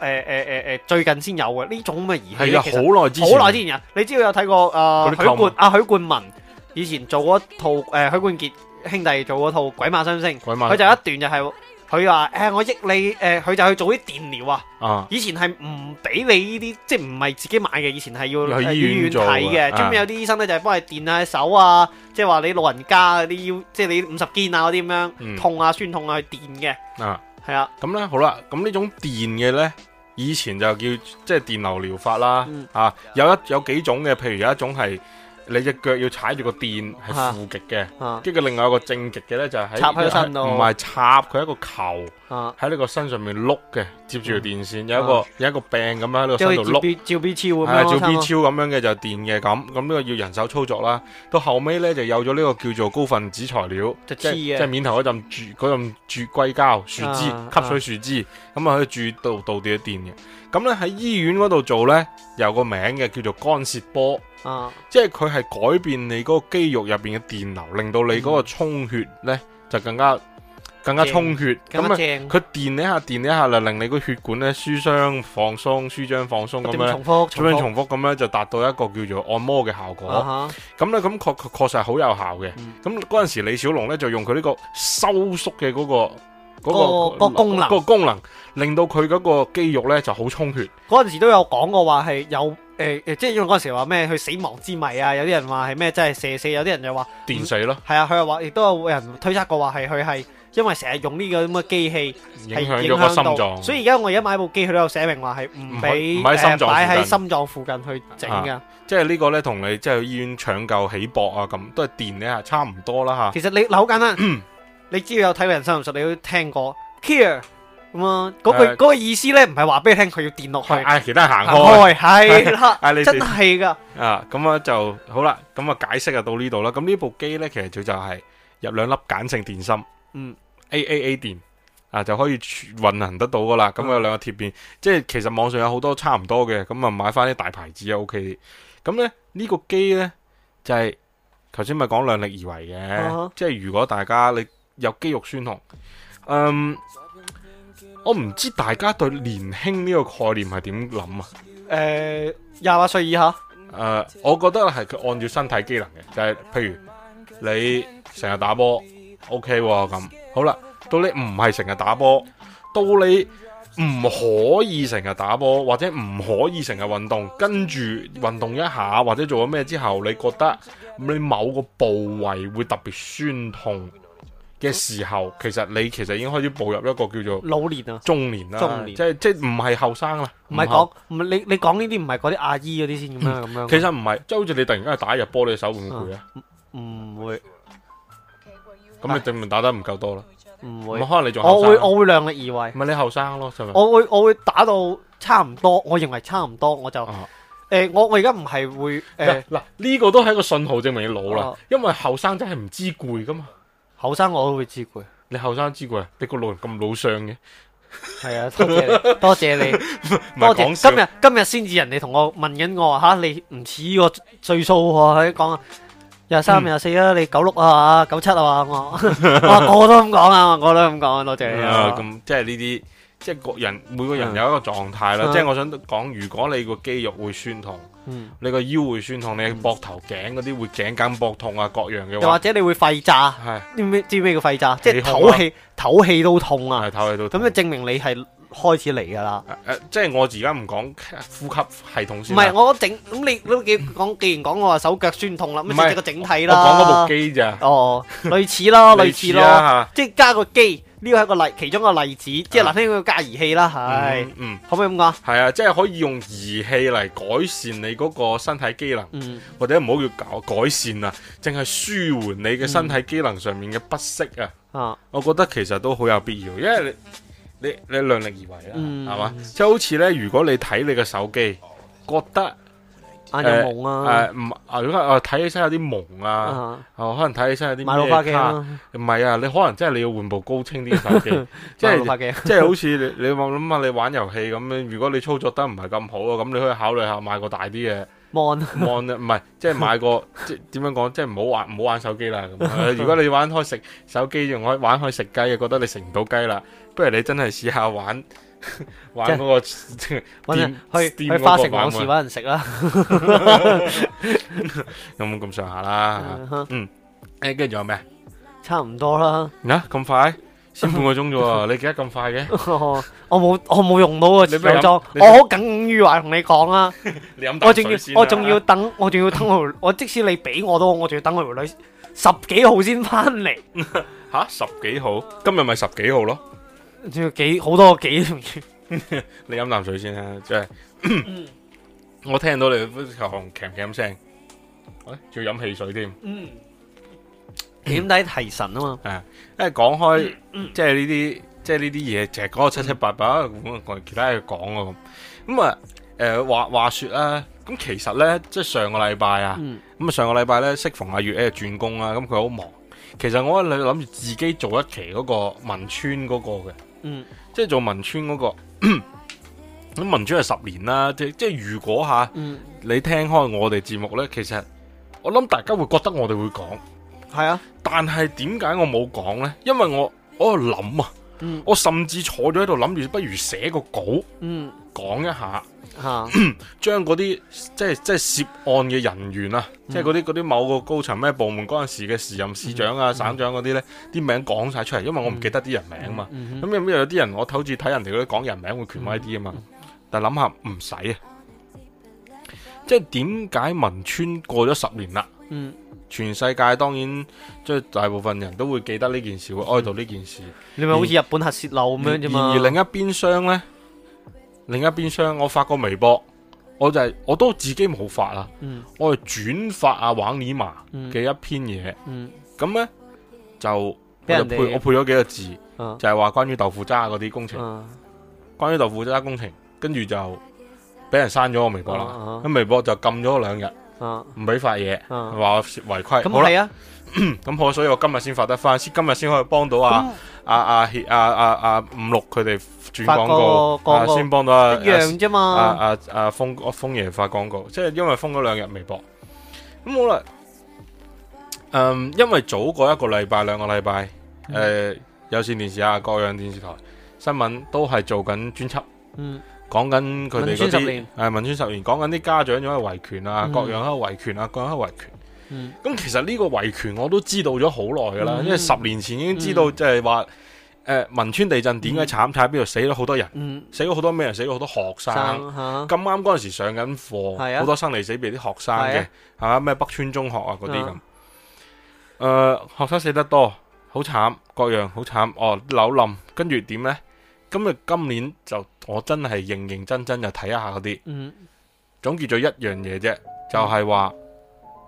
誒誒，最近先有嘅呢種咁嘅儀器，好耐之好耐之前啊！你知道有睇過、呃、許啊許冠啊許冠文以前做嗰套誒許、呃、冠傑兄弟做嗰套鬼馬雙星，佢就一段就係佢話誒我益你誒，佢、呃、就去做啲電療啊！以前係唔俾你呢啲，即係唔係自己買嘅，以前係要去醫院睇嘅。專門、啊、有啲醫生咧就係幫你電下手啊，即係話你老人家嗰啲腰，即係你五十肩啊嗰啲咁樣痛啊酸痛啊去電嘅啊。係啊，咁咧好啦，咁呢種電嘅咧，以前就叫即係電流療法啦，嗯、啊，有一有幾種嘅，譬如有一種係。你隻腳要踩住個電係負極嘅，跟、啊、住、啊、另外有個正極嘅咧就係插喺身度，唔係插佢一個球喺呢個身上面碌嘅，接住條電綫有一個、啊、有一個柄咁樣喺度身度碌，照 B, 照 B 超咁樣嘅就電嘅咁，咁、啊、呢個要人手操作啦。到後尾咧就有咗呢個叫做高分子材料，啊、即係、啊、面頭嗰陣注陣注硅膠樹脂、啊、吸水樹脂，咁啊可以注到到啲電嘅。咁咧喺醫院嗰度做咧有個名嘅叫做干涉波。哦、啊，即係佢係改變你嗰個肌肉入邊嘅電流，令到你嗰個充血咧、嗯、就更加更加充血。咁啊，佢電你下電你下，就令你個血管咧舒張放鬆，舒張放鬆咁咧，咁樣重複咁樣重複咁咧，就達到一個叫做按摩嘅效果。咁、啊、咧，咁確確實係好有效嘅。咁嗰陣時李小龍咧就用佢呢個收縮嘅嗰個。嗰、那個那個功能，那個、功能、那個、功能令到佢嗰個肌肉咧就好充血。嗰陣時都有講過話係有誒誒，即係嗰陣時話咩？佢死亡之謎啊！有啲人話係咩？真係射死，有啲人就話電死咯。係啊，佢又話，亦都有人推測過話係佢係因為成日用呢個咁嘅機器影響咗個心臟。所以而家我而家買部機，佢都有寫明話係唔俾擺喺心臟附近、啊、附近去整㗎、啊。即係呢個咧，同你即係去醫院搶救起搏啊，咁都係電你下，差唔多啦、啊、其實你扭緊啦。 (coughs) 你只要有睇過人生術你都聽過 Here 咁啊？嗰句，那個呃那個意思咧，唔係話俾你聽，佢要電落去，係其他人行開，係啦， (laughs) 真係噶。啊，咁啊就好啦，咁啊解釋啊到呢度啦。咁呢部機咧，其實就係入兩粒鹼性電芯，嗯，A A A 電啊，就可以運行得到噶啦。咁、嗯、啊，兩個貼片，即係其實網上有好多差唔多嘅，咁啊買翻啲大牌子啊，OK。咁、這、咧、個、呢個機咧就係頭先咪講量力而為嘅，啊、即係如果大家你。有肌肉酸痛，嗯，我唔知大家對年輕呢個概念係點諗啊？誒、呃，廿八歲以下？誒、呃，我覺得係佢按照身體機能嘅，就係、是、譬如你成日打波，OK 咁、哦，好啦，到你唔係成日打波，到你唔可以成日打波，或者唔可以成日運動，跟住運動一下或者做咗咩之後，你覺得你某個部位會特別酸痛嘅時候，其實你其實已經開始步入一個叫做老年啊、中年啦，即係即係唔係後生啦。唔係講唔係你你講呢啲唔係嗰啲阿姨嗰啲先咁樣咁樣、嗯。其實唔係，即係好似你突然間打一日波，你嘅手會唔會攰啊？唔、嗯、會。咁你證明打得唔夠多啦？唔會。可能你仲我會我會量力而為。唔係你後生咯是是，我會我會打到差唔多，我認為差唔多，我就誒、嗯欸、我我而家唔係會誒嗱呢個都係一個信號，證明你老啦、嗯，因為後生真係唔知攰噶嘛。後生我都會知攰。你後生知攰，你個老人咁老相嘅，係啊，多謝多謝你，多謝， (laughs) 多謝今日今日先至人哋同我問緊我，吓，你唔似呢個歲數喎，佢講廿三廿四啦，你九六啊九七啊嘛？我我都咁講啊，我， (laughs) 我都咁講，多謝啊，咁即係呢啲，即係各人每個人有一個狀態啦，即係我想講，如果你個肌肉會酸痛。嗯，你個腰會酸痛，你膊頭頸嗰啲會頸緊膊痛啊，各樣嘅，又或者你會肺炸，係知咩？知咩叫肺炸？氣啊，即係透氣，透氣都痛啊，透氣都痛，咁就證明你係開始嚟噶啦。即係我而家唔講呼吸系統先。唔係，我整咁你，都講既然講我話手腳酸痛啦，咁就整個整體啦。我講嗰部機咋？哦，類似, (laughs) 類似啦，類似啦，即係加個機。呢個係一個例，其中一個例子，嗯嗯嗯即係嗱，聽佢加儀器啦，係，可唔可以咁講？係啊，即係可以用儀器嚟改善你嗰個身體機能，嗯、或者唔好叫改改善啊，淨係舒緩你嘅身體機能上面嘅不適啊。嗯嗯我覺得其實都好有必要，因為你你、你量力而為啦，係、嗯、嘛？即係好似呢，如果你睇你嘅手機，覺得，眼有蒙啊、呃！誒唔啊，如果睇起身有啲蒙啊，uh-huh、可能睇起身有啲，買老花鏡唔係啊，啊你可能真係你要換部高清啲嘅手機，即係即係好似你你諗啊，你玩遊戲咁樣，如果你操作得唔係咁好啊，咁你可以考慮下買個大啲嘅 mon mon 唔係即係買個 (laughs) 即點樣講即係唔好玩唔好玩手機啦咁。 (laughs) 如果你玩開食手機仲可以玩開食雞，覺得你食唔到雞啦，不如你真係試下玩。玩嗰個去去花城往事搵人食啦，有冇咁上下啦？嗯，誒，跟住仲有咩？差唔多啦。吓，咁快先半個鐘啫？你記得咁快嘅？我冇我冇用到啊！兩鐘，我好耿耿於懷同你講啊！我仲要我仲要等，我仲要等我，我即使你俾我都，我仲要等我條女十幾號先翻嚟。吓，十幾號？今日咪十幾號咯？仲要幾好多幾， (laughs) 你飲啖水先啦，即係、嗯、 (coughs) 我聽到你嗰喉鉗鉗聲，仲要飲汽水添，點、嗯、底提神啊？嘛，係、嗯，因為講開，即係呢啲，即係呢啲嘢，就係嗰個七七八八,八，咁、呃、啊，其他嘢講啊，咁，咁啊，誒，話話說啦，咁其實咧，即係上個禮拜啊，咁、嗯、啊，上個禮拜咧，適逢阿月咧轉工啊，咁佢好忙，其實我咧諗住自己做一期嗰、嗰個文村嗰個嘅。嗯，即係做汶川嗰、那個，咁 (coughs) 汶川係十年啦，即即係如果吓、嗯，你聽開我哋節目咧，其實我諗大家會覺得我哋會講，係啊，但係點解我冇講咧？因為我我喺度諗啊。嗯、我甚至坐咗喺度諗住，不如寫個稿，講、嗯、一下，將嗰啲即係即係涉案嘅人員啊、嗯，即係嗰啲啲某個高層咩部門嗰陣時嘅時任市長啊、嗯、省長嗰啲呢啲名講晒出嚟，因為我唔記得啲人名啊、嗯、嘛。咁、嗯、入邊有啲人，我偷住睇人哋嗰啲講人名會權威啲啊嘛。嗯、但係諗下唔使啊，即係點解汶川過咗十年啦？嗯，全世界當然即係大部分人都會記得呢件事，會哀悼呢件事。你咪好似日本核泄漏咁樣啫嘛。而另一邊廂咧，另一邊廂，我發個微博，我就係、是、我都自己冇發啦。我係轉發阿王尼瑪嘅一篇嘢。嗯。咁咧、啊嗯嗯、就我就配人我配咗幾個字，啊、就係、是、話關於豆腐渣嗰啲工程，啊、關於豆腐渣的工程，跟住就俾人刪咗我微博啦。咁、啊啊、微博就禁咗兩日。唔俾發嘢，話我違規。咁係啊，咁、啊好，啊、 (coughs) 好，所以我今日先發得翻，先今日先可以幫到啊啊啊啊啊啊，啊五六佢哋轉廣告，先幫、啊、到、啊、一樣啫嘛。阿啊啊風啊峰爺發廣告，即係因為封咗兩日微博。咁好啦，嗯，因為早過一個禮拜、兩個禮拜，誒、嗯呃，有線電視啊，各樣電視台新聞都係做緊專輯。嗯。講緊佢哋嗰啲誒，汶川十年講緊啲家長喺度維權啊，各樣喺度維權啊，各樣喺度維權。咁、嗯、其實呢個維權我都知道咗好耐噶啦，因、嗯、為十年前已經知道，即係話誒，汶川地震點解慘慘，邊、嗯、度死咗好多、嗯、多人，死咗好多咩人，死咗好多學生。咁啱嗰陣時上緊課，好、啊、多生離死別啲學生嘅，係咩、啊啊、北村中學北川中學啊嗰啲咁。誒、啊呃，學生死得多，好慘，各樣好慘。哦，樓冧，跟住點呢？今日今年就我真係認認真真就睇一下嗰啲，總結咗一樣嘢啫，嗯，就係、是、話、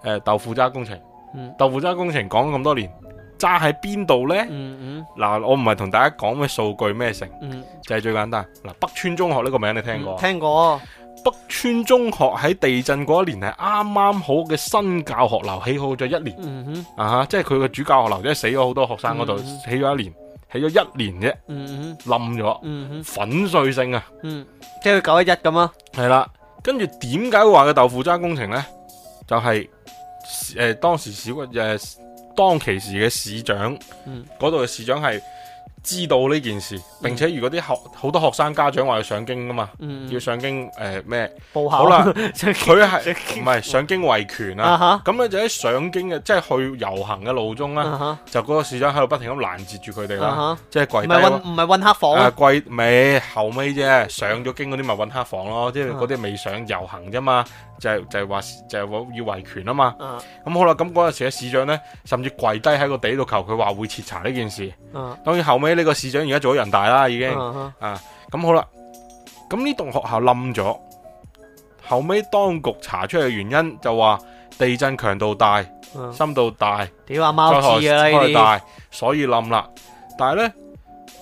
嗯欸，豆腐渣工程，嗯，豆腐渣工程講咁多年，揸喺邊度呢？嗱，嗯嗯，我唔係同大家講咩數據咩成，嗯，就係、是、最簡單。嗱，北川中學呢個名字你聽過，嗯？聽過。北川中學喺地震嗰一年係啱啱好嘅新教學樓起好咗一年，嗯嗯，啊，即係佢個主教學樓即係死咗好多學生嗰度起咗一年。起咗一年啫，冧、嗯、咗、嗯，粉碎性啊，嗯、即係九一一咁咯。係啦，跟住點解會話個豆腐渣工程咧？就係、是、誒、呃、當時市誒、呃、當其時嘅市長，嗰度嘅市長係。知道呢件事，並且如果啲學好多學生家長話要上京啊嘛、嗯，要上京誒咩、呃？報考好啦，佢係唔係上京維權啊？咁、uh-huh. 咧就喺上京嘅，即、就、係、是、去遊行嘅路中啦、啊，uh-huh. 就嗰個市長喺度不停咁攔截住佢哋啦，即、uh-huh. 係跪唔係揾唔係揾黑房、啊啊、跪尾後尾啫，上咗京嗰啲咪揾黑房咯，即係嗰啲未上遊行啫嘛，就係、是、就係、是、話就係、是、要維權啊嘛。咁、uh-huh. 好啦，咁嗰陣時嘅市長咧，甚至跪低喺個地度求佢話會徹查呢件事。Uh-huh. 當然後尾。呢個市長而家做咗人大啦，已經、uh-huh. 啊，咁好啦。咁呢棟學校冧咗，後尾當局查出嚟嘅原因就話地震強度大、uh-huh. 深度大，屌啊貓屎啊呢啲，所以冧啦。但係呢，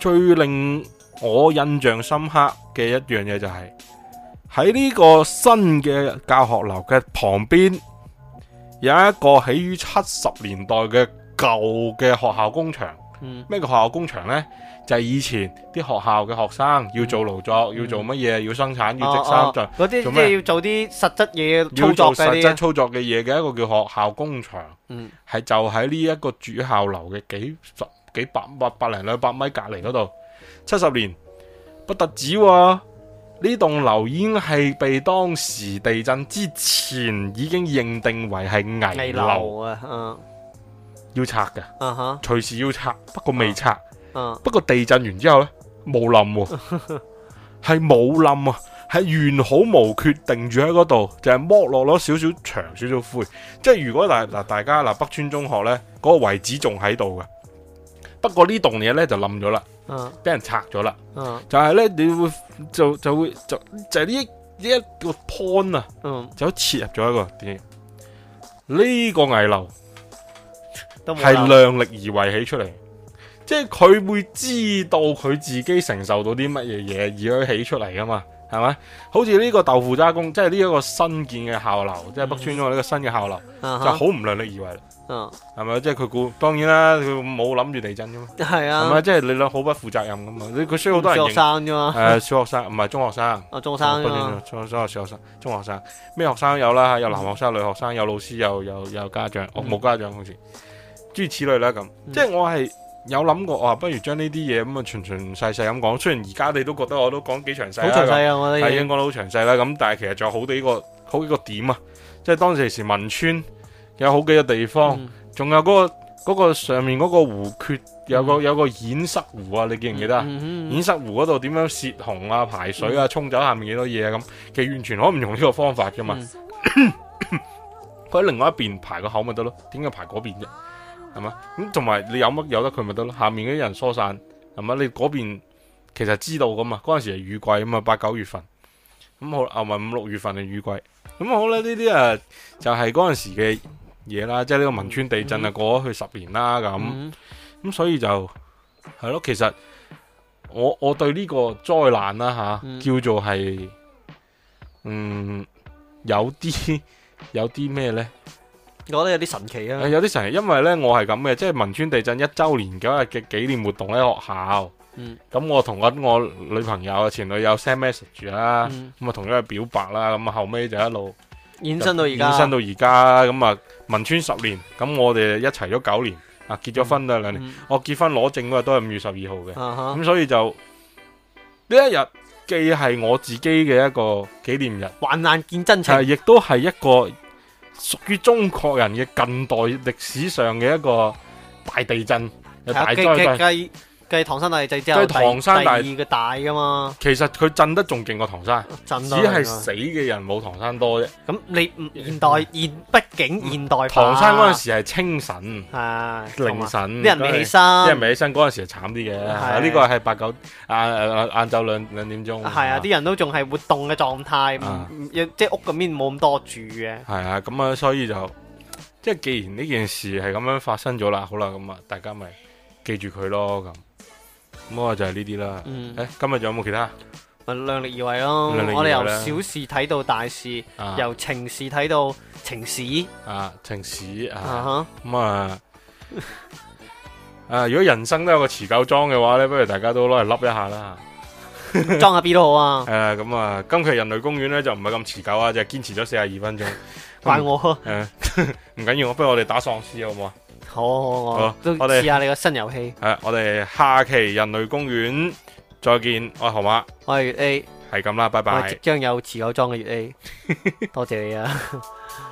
最令我印象深刻嘅一樣嘢就係喺呢個新嘅教學樓嘅旁邊，有一個起於七十年代嘅舊嘅學校工場。咩叫學校工場呢？就係、是、以前啲學校嘅學生要做勞作、嗯，要做乜嘢？要生產，啊、要織衫嗰啲即係、啊啊、要做啲實質嘢操作嗰要做實質操作嘅嘢嘅一個叫學校工場。嗯，係就喺呢一個主校樓嘅幾十幾百幾百幾百零兩百米隔離嗰度。七十年不特止，呢棟樓已經係被當時地震之前已經認定為係危樓啊！嗯要拆嘅，隨、uh-huh. 時要拆，不過未拆。Uh-huh. 不過地震完之後呢，冇冧，係冇冧啊，係完好無缺，定住喺嗰度，就係剝落咗少少牆，少少灰。即係如果大嗱，大家嗱北村中學呢，嗰、那個位置仲喺度嘅，不過呢棟嘢呢，就冧咗啦，俾、uh-huh. 人拆咗啦。Uh-huh. 就係呢，你會就就會就就係呢呢一個 point 啊，就切入咗一個點呢、uh-huh. 個危樓。係量力而為起出嚟，即係佢會知道佢自己承受到啲乜嘢嘢，而去起出嚟噶嘛？係咪？好似呢個豆腐渣工，即係呢一個新建嘅校樓、即、嗯、係、就係、北村中呢個新嘅校樓、嗯、就好唔量力而為。嗯，係咪？即係佢估，當然啦，佢冇諗住地震噶嘛。係啊，係咪？即係你兩好不負責任噶嘛？佢需要好多人。係咪學生啫嘛。誒、呃，小學生唔係中學生。哦、中生。學生，小學生，中學生，咩學，學生都有啦。有男學生、女學生，有老師，又有有，有家長。我、嗯、冇家長，好似。諸如此類啦，咁即係我係有諗過，哇！不如將呢啲嘢咁啊，詳詳細細咁講。雖然而家你都覺得我都講幾詳細，好詳細啊！我係啊，已經講得好詳細啦。咁但係其實仲有好多個好幾個點啊，即係當時時汶川有好幾個地方，仲、嗯、有嗰、那個、那個上面嗰個湖缺，有個、嗯、有個堰塞湖啊，你記唔記得啊？嗯嗯嗯，堰塞湖嗰度點樣泄洪啊、排水啊、沖走下面幾多嘢啊？咁其實完全可唔用呢個方法噶嘛，佢、嗯、喺 (coughs) 另外一邊排個口咪得咯？點解排嗰邊啫？係嘛？咁同埋你有乜有得佢咪得咯？下面嗰啲人疏散，係嘛？你嗰邊其實知道噶嘛？嗰陣時係雨季啊嘛，八九月份咁好，又咪五六月份係雨季。咁好啦，呢啲啊就係嗰陣時嘅嘢啦。即係呢個汶川地震啊，過咗去十年啦咁。咁所以就係咯，其實我我對呢個災難啦、啊、吓，叫做係嗯有啲有啲咩咧？我覺得有啲神奇啊！有啲神奇，因為呢，我係咁嘅，即係汶川地震一周年嗰日嘅紀念活動喺學校。嗯，咁我同緊我女朋友、前女友 send message 啦，咁啊同咗佢表白啦，咁啊後尾就一路延伸到而家，延伸到而家。咁啊汶川十年，咁我哋一齊咗九年，啊結咗婚都係兩年，嗯、我結婚攞證嗰日都係五月十二號嘅，咁、啊、所以就呢一日既係我自己嘅一個紀念日，患難見真情，係亦都係一個。屬於中國人嘅近代歷史上嘅一個大地震，有大災難。繼唐，唐山大地震之後，第二第個大噶嘛。其實佢震得仲勁過唐山，震只係死嘅人冇唐山多啫。咁你現代現， (laughs) 畢竟現代。唐山嗰陣時係清晨，係、啊、凌晨，啲、啊、人未起身，啲人未起身嗰陣時就慘啲嘅。呢、啊啊呢個係八九晏晏晝兩兩點鐘。係啊，啲、啊、人都仲係活動嘅狀態，啊、即係屋嗰面冇咁多住嘅。係啊，咁啊，所以就即係既然呢件事係咁樣發生咗啦，好啦，咁啊，大家咪記住佢咯咁。咁啊，就係呢啲啦。誒，今日仲有冇其他？咪量,量力而為咯。我哋由小事睇到大事，啊、由情事睇到情史。啊，情史啊，咁啊,啊，啊，啊 (laughs) 如果人生都有個持久裝嘅話咧，不如大家都攞嚟笠一下啦。裝下邊都好啊, (laughs) 啊。誒，咁啊，今期人類公園咧就唔係咁持久啊，就堅持咗四十二分鐘。怪我、嗯。唔緊要，不如我哋打喪屍好唔好啊？好，啊好啊，好、啊我，我我哋試下你個新遊戲。係，我哋下期人類公園再見。喂、哎，何馬。我係月 A，係咁啦，拜拜。我即將有持久裝嘅月 A，多謝，謝你啊！ (laughs) (laughs)